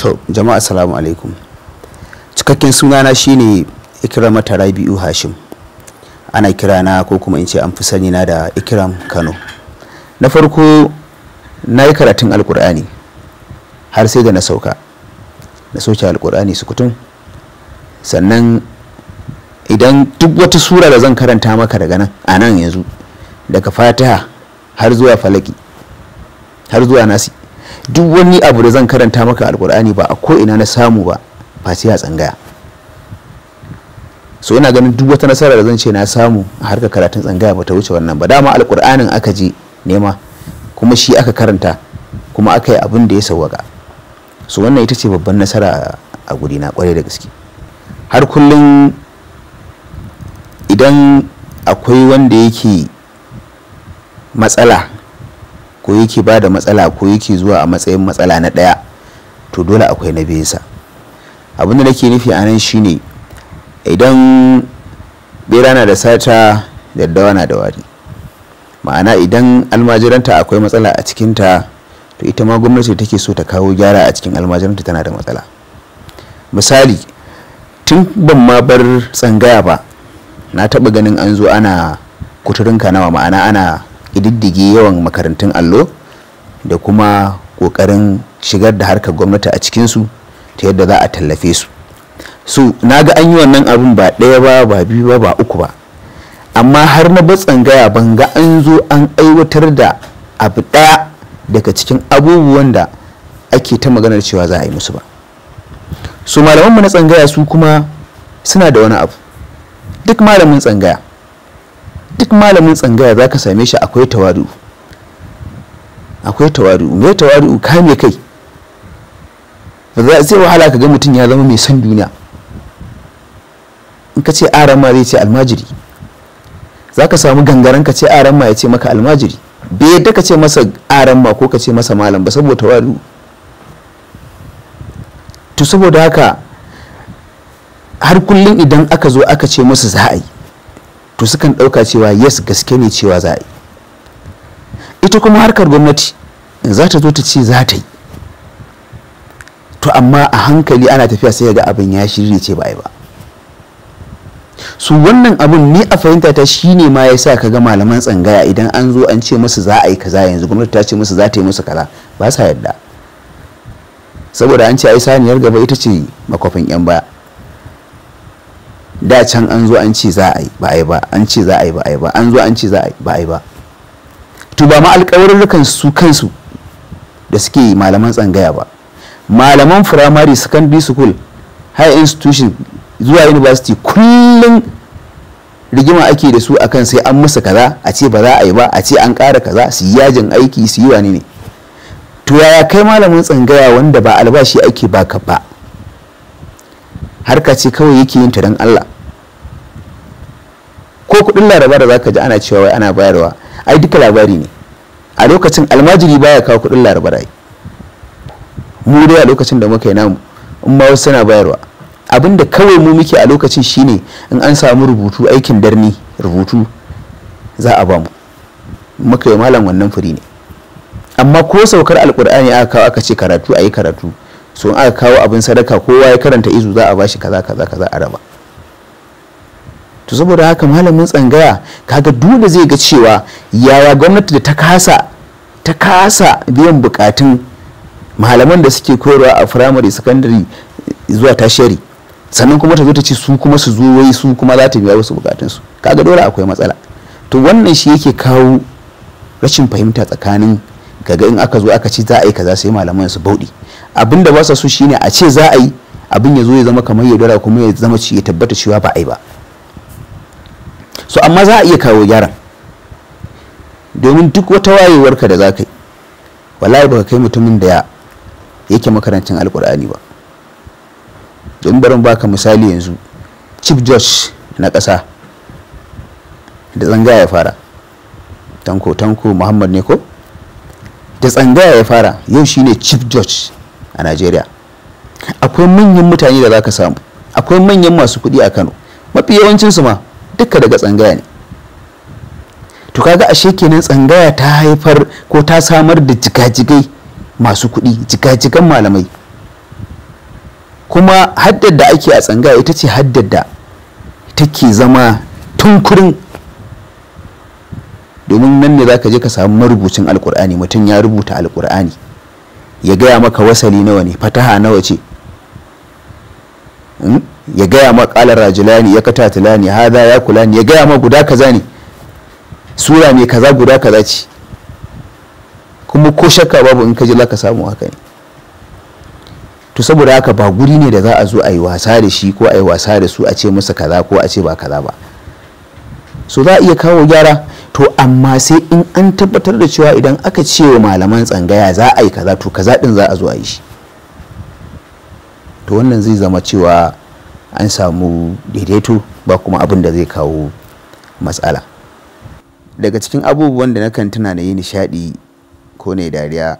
to jama'a assalamu alaikum cikakken sunana shine ikram rabi'u hashim ana kirana ko kuma in ce an fi sani na da ikram kano na farko na yi karatun alkur'ani har sai da na sauka na soke alkur'ani sannan idan duk wata sura da zan karanta maka daga nan a nan yanzu daga fatiha har zuwa falaki har zuwa nasi duk wani abu da zan karanta maka alkur'ani ba a ko ina na samu ba ba sai a tsangaya so ina ganin duk wata nasara da zan ce na samu a harka karatun tsangaya ba ta wuce wannan ba dama alkur'anin aka je nema kuma shi aka karanta kuma aka yi abin da ya sawwaka so wannan ita ce babban nasara a guri na kwarai da gaske har kullum idan akwai wanda yake matsala ko yake ba da matsala ko yake zuwa a matsayin matsala na ɗaya to dole akwai na biyansa abin da nake nufi a nan shine idan bera na da sata daddawa na da wari ma'ana idan almajiranta akwai matsala a cikinta to ita ma gwamnati take so ta kawo gyara a cikin almajiranta tana da matsala misali tun ban ma bar tsangaya ba na taɓa ganin an zo ana kuturinka nawa ma'ana ana ƙididdige yawan makarantun allo da kuma ƙoƙarin shigar da harkar gwamnati a cikinsu ta yadda za a tallafe su so na ga an yi wannan abin ba ɗaya ba ba biyu ba ba uku ba amma har na batsan tsangaya ban ga an zo an aiwatar da abu ɗaya daga cikin abubuwan da ake ta maganar cewa za a yi musu ba su malamanmu na tsangaya su kuma suna da wani abu duk malamin tsangaya duk malamin tsangaya za ka same shi akwai tawadu akwai tawadu mai tawadu kame kai ba za sai wahala ka ga mutum ya zama mai son duniya in ka ce aran ma zai ce almajiri za ka samu gangaren ka ce aran ma ya ce maka almajiri bai yadda ka ce masa aran ma ko ka ce masa malam ba saboda tawadu to saboda haka har kullum idan aka zo aka ce musu za a yi to sukan ɗauka cewa yes gaske ne cewa za a yi ita kuma harkar gwamnati za ta zo ta ce za ta yi to amma a hankali ana tafiya sai ga abin ya shirye ce ba yi ba su wannan abin ne a fahimta ta shi ne ma ya sa ka ga malaman tsangaya idan an zo an ce musu za a yi kaza yanzu gwamnati ta ce musu za ta yi musu kaza ba sa yadda saboda an ce ai saniyar gaba ita ce makwafin yan baya da can an zo an ce za a yi ba a yi ba an ce za a yi ba a yi ba an zo an ce za a yi ba a yi ba to ba ma alƙawarurrukan su kansu da suke malaman tsangaya ba malaman firamare secondary school high institution zuwa university kullum rigima ake da su akan sai an musu kaza a ce ba za a yi ba a ce an ƙara kaza su yi yajin aiki su yi wane ne to yaya kai malamin tsangaya wanda ba albashi ake baka ba harka ce kawai yake yin ta don Allah ko kudin laraba da zaka ji ana cewa wai ana bayarwa ai duka labari ne a lokacin almajiri baya kawo kudin laraba dai mu dai a lokacin da muka yi namu in ma wasu suna bayarwa Abinda kawai mu muke a lokacin shine in an samu rubutu aikin darni rubutu za a ba mu muka yi malam wannan furi ne amma ko saukar alkur'ani aka kawo aka ce karatu a yi karatu so aka kawo abin sadaka kowa ya karanta izu za a bashi kaza kaza kaza a raba to saboda haka malamin tsangaya kaga dole zai ga cewa yaya gwamnati da ta kasa ta kasa biyan bukatun malaman da suke koyarwa a firamare sakandare zuwa tashari sannan kuma ta zo ta ce su kuma su zo wai su kuma za ta biya wasu bukatunsu kaga dole akwai matsala to wannan shi yake kawo rashin fahimta tsakanin gaga in aka zo aka ci za a yi kaza sai malaman su bauɗi abin da ba su so shine a ce za a yi abin ya zo ya zama kamar yaudara kuma ya zama ci ya tabbata cewa ba a yi ba so amma za a iya kawo gyaran domin duk wata wayewarka da za ka yi wallahi baka kai mutumin da yake makarancin alkur'ani ba domin barin baka misali yanzu chief george na ƙasa da zanga ya fara tanko tanko muhammad ne ko da tsanga ya fara yau shine chief george a najeriya akwai manyan mutane da zaka samu akwai manyan masu kuɗi a kano mafi yawancinsu ma duka daga tsangaya ne to kaga ashe kenan tsangaya ta haifar ko ta samar da jigajigai masu kuɗi jigajigan malamai kuma haddar da ake a tsangaya ita ce haddar da take zama tunkurin domin nan ne za je ka samu marubucin alkur'ani mutum ya rubuta alkur'ani ya gaya maka wasali nawa ne fataha nawa ce hmm? ya gaya ma ƙalar ne ya ne hada ya kula ya gaya ma guda kaza ne sura ne kaza guda kaza ce kuma ko shakka babu in ka ji ka samu haka ne to saboda haka ba guri ne da za a zo a yi wasa da shi ko a yi wasa da su a ce masa kaza ko a ce ba kaza ba so za a iya kawo gyara to amma sai in an tabbatar da cewa idan aka ce wa malaman tsangaya za a yi kaza to kaza din za a zo a yi shi to wannan zai zama cewa an samu daidaito ba kuma abin da zai kawo matsala daga cikin abubuwan da nakan tuna na yi nishaɗi ko ne dariya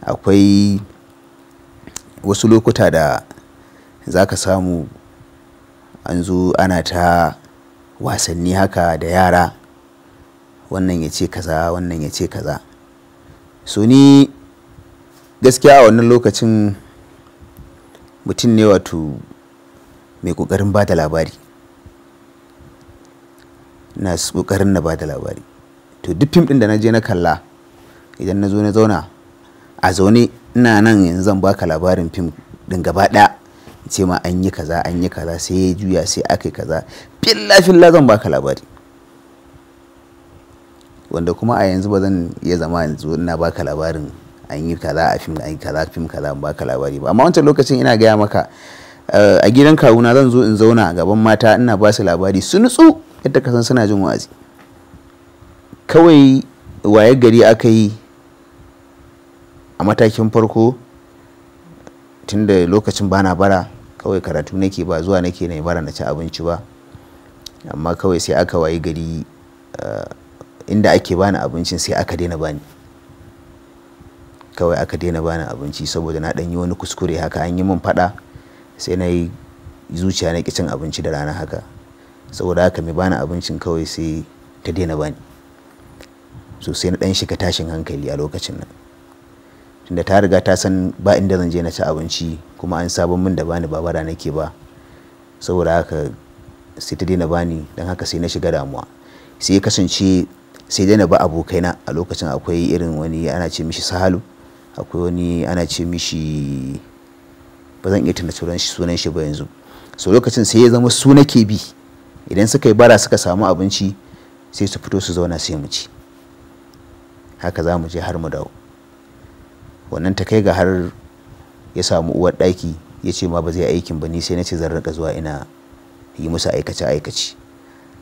akwai wasu lokuta da za ka samu an zo ana ta wasanni haka da yara wannan ya ce kaza wannan ya ce kaza so ni gaskiya a wannan lokacin mutum ne wato mai kokarin ba da labari na kokarin na ba da labari to duk fim din da na je na kalla idan na zo na zauna a zaune ina nan yanzu zan baka labarin fim din gaba ɗaya ce ma an yi kaza an yi kaza sai ya juya sai aka yi kaza filla filla zan baka labari wanda kuma a yanzu ba zan iya zama yanzu ina baka labarin an yi kaza a fim an yi kaza fim kaza baka labari ba amma wancan lokacin ina gaya maka eh, a gidan kawuna zan zo in zauna gaban mata ina ba su labari su nutsu yadda kasan suna jin wazi kawai waye gari aka yi a matakin farko tun lokacin bana bara kawai karatu nake ba zuwa nake na bara na ci abinci ba amma kawai sai aka wayi gari eh, inda ake bani abincin sai aka daina bani kawai aka daina bani abinci saboda na ɗan yi wani kuskure haka an yi min faɗa sai na yi zuciya na cin abinci da rana haka saboda haka mai bani abincin kawai sai ta daina bani so sai na ɗan shiga tashin hankali a lokacin nan tunda ta riga ta san ba inda zan je na ci abinci kuma an sabon min da bani babara nake ba saboda haka sai ta daina bani don haka sai na shiga damuwa sai ya kasance sai dai na ba abokaina a lokacin akwai irin wani ana ce mishi sahalu akwai wani ana ce mishi ba zan iya tuna sunan shi ba yanzu so lokacin sai ya zama su nake bi idan suka yi bara suka samu abinci sai su fito su zauna sai mu ci haka za mu je har mu dawo wannan ta kai ga har ya samu uwar ɗaki ya ce ma ba zai aikin ba ni sai na ce zan rika zuwa ina yi musu aikace aikace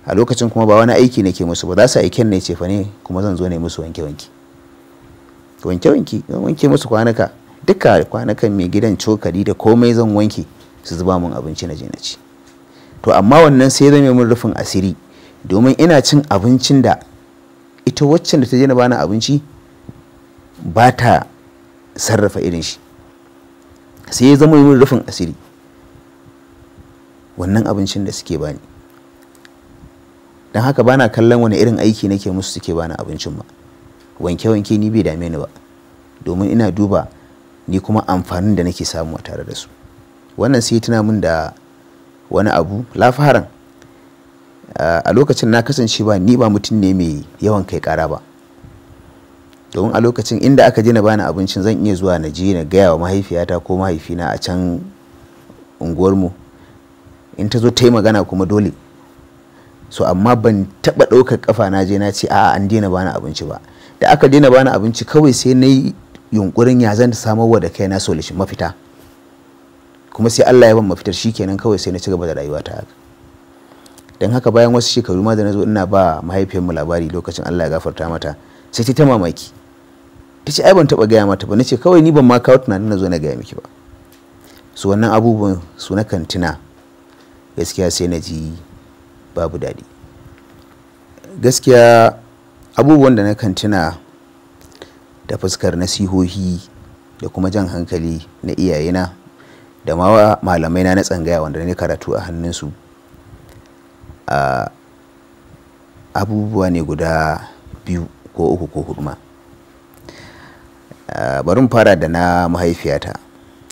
a lokacin kuma ba wani aiki ke musu ba za su aiken ne cefa ne kuma zan zo ne musu wanke wanke wanke wanke zan wanke musu kwanuka duka kwanukan mai gidan cokali da komai zan wanke su zuba mun abinci na je na ci to amma wannan sai zame mun rufin asiri domin ina cin abincin da ita waccan da ta je na bani abinci ba ta sarrafa irin shi sai ya zama mun rufin asiri wannan abincin da suke bani don haka bana kallon wani irin aiki na ke musu suke bani abincin ba wanke-wanke ni bai dame ni ba domin ina duba ni kuma amfanin da nake samu a tare da su wannan sai tuna min da wani abu lafaharan ah, a lokacin na kasance ba ni ba mutum ne mai yawan kai kara ba domin a lokacin inda aka je na bani abincin zan iya zuwa na je na gaya wa mahaifiyata ko mahaifina a can unguwarmu in ta zo ta yi magana kuma dole so amma ban taba ɗaukar kafa na je na ce a an daina bani abinci ba da aka daina bani abinci kawai sai na yi yunkurin ya zan wa da kaina solution mafita kuma sai Allah ya ban mafitar shikenan kawai sai na ci gaba da rayuwa ta haka dan haka bayan wasu shekaru ma da na zo ina ba mu labari lokacin Allah ya gafarta mata sai ta mamaki ta ce ai ban taba gaya mata ba na ce kawai ni ban ma kawo tunanin na zo na gaya miki ba su wannan abubuwan su na kantina gaskiya sai na ji babu daɗi gaskiya abubuwan da na kan tuna da fuskar nasihohi da kuma jan hankali na iyayena da ma malamai na na tsangaya wanda ne karatu a hannunsu abubuwa ne guda biyu ko uku ko hudu Barin fara da na mahaifiyata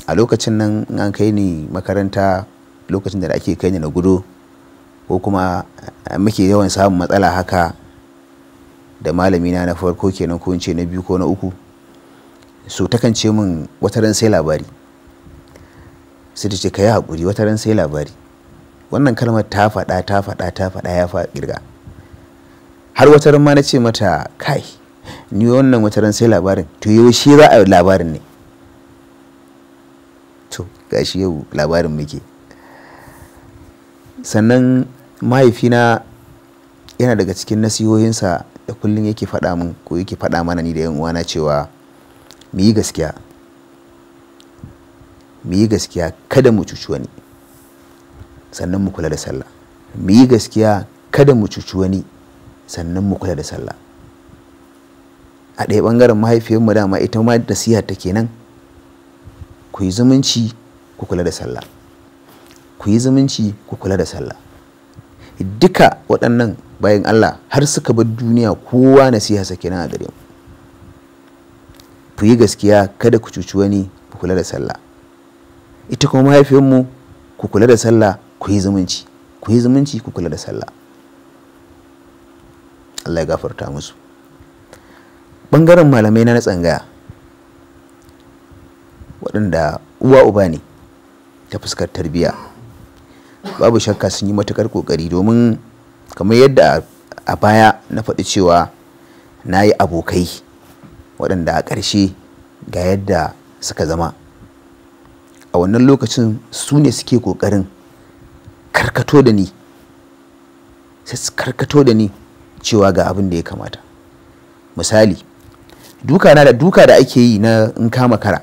a lokacin nan an kai ni makaranta lokacin da ake kai ni na gudu ko kuma eh, muke yawan samun matsala haka da malamina na farko kenan ko ce na biyu ko na uku so takan ce min wata ran sai labari sai ta ce ka yi haƙuri wata ran sai labari wannan kalmar ta faɗa ta faɗa ta faɗa ya fa ƙirga har wata ran ma na ce mata kai ni wannan wata ran sai labarin to yaushe za a labarin ne to gashi yau labarin muke sannan mahaifina yana daga cikin nasihohinsa da kullum yake faɗa min ko yake faɗa mana ni da yan uwana cewa mu yi gaskiya mu yi gaskiya kada mu cuci wani sannan mu kula da sallah mu yi gaskiya kada mu cuci wani sannan mu kula da sallah a ɗaya ɓangaren mahaifiyar mahaifiyarmu dama ita ma siya ta ke nan, yi zumunci ku kula da sallah ku yi zumunci ku kula da sallah duka waɗannan bayan Allah har suka bar duniya kowa nasiha kenan a gare mu ku gaskiya kada ku cuci wani ku kula da sallah ita kuma mahaifinmu ku kula da sallah ku yi zumunci ku yi zumunci ku kula da sallah Allah ya gafarta musu ɓangaren malamai na tsangaya waɗanda uwa uba ne ta fuskar tarbiyya babu shakka sun yi matukar kokari domin kamar yadda a baya na faɗi cewa na yi abokai waɗanda a ƙarshe ga yadda suka zama a wannan lokacin su ne suke ƙoƙarin karkato da ni sai su karkato da ni cewa ga abin da ya kamata misali duka na da duka da ake yi na in kama kara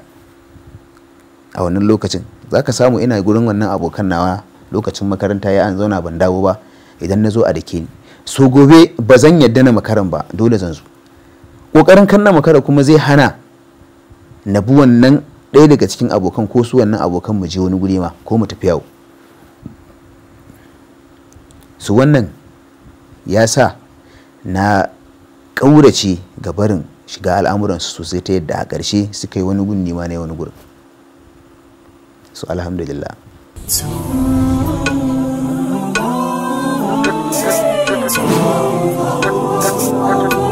a wannan lokacin za ka samu ina gurin wannan abokan nawa lokacin makaranta ya an zauna ban dawo ba idan na zo a dake ni so gobe ba zan yadda na makaran ba dole zan zo kokarin kan na makara kuma zai hana na bi wannan ɗaya daga cikin abokan ko su wannan abokan mu je wani guri ma ko mu tafi yawo su wannan ya sa na ƙaurace ga barin shiga al'amuran su sosai ta yadda a ƙarshe suka yi wani gunni ma na wani gurin su alhamdulillah It's over.